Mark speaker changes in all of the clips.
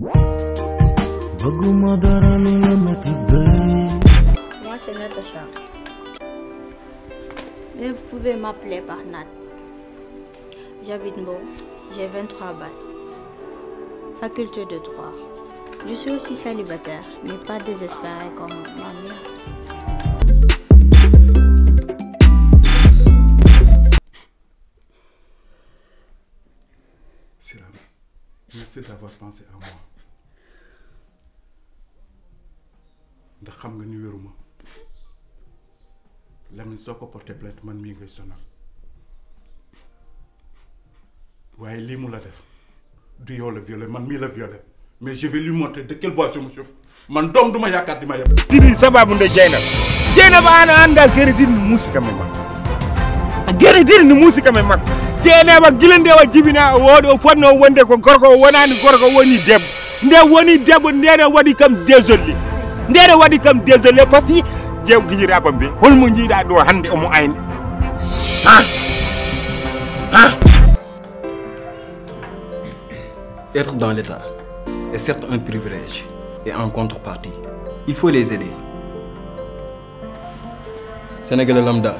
Speaker 1: Moi
Speaker 2: c'est Natacha. vous pouvez m'appeler par Nat. J'habite Beau, j'ai 23 balles. Faculté de droit. Je suis aussi célibataire, mais pas désespéré comme ma mère.
Speaker 3: C'est là. Merci d'avoir pensé à moi. ndax xam nga ni wéruma Lamine soo ko porté plainte man mii ngay sonal waaye lii mu la def du yow la violé man mii la violé mais je vais lui montrer de quel bois je me chauffe man doom duma yaakaar di ma sa
Speaker 1: didi sababu nde Dieynaba ba ana géré anndaal gere didi no muusikame makko gere didi no muusikame makko Dieynaba gila nde o jibina do fotno wonde ko gorko wonani gorko woni debbo nde woni debbo ndene wadi kam désolé nden wadi kam désolé par ce que jewguiñiraɓam ɓe holmo jiiɗa do hande omo ayne ah
Speaker 4: être dans l'état est certes un privilège et en contrepartie il faut les aider sénégalais lambda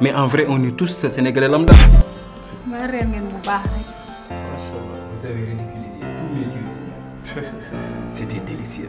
Speaker 4: mais en vrai on est tous sénégalais lambda ma reer ngeen bu baax rek vous avez ridiculisé tous
Speaker 3: mes cuisiniers c'était délicieux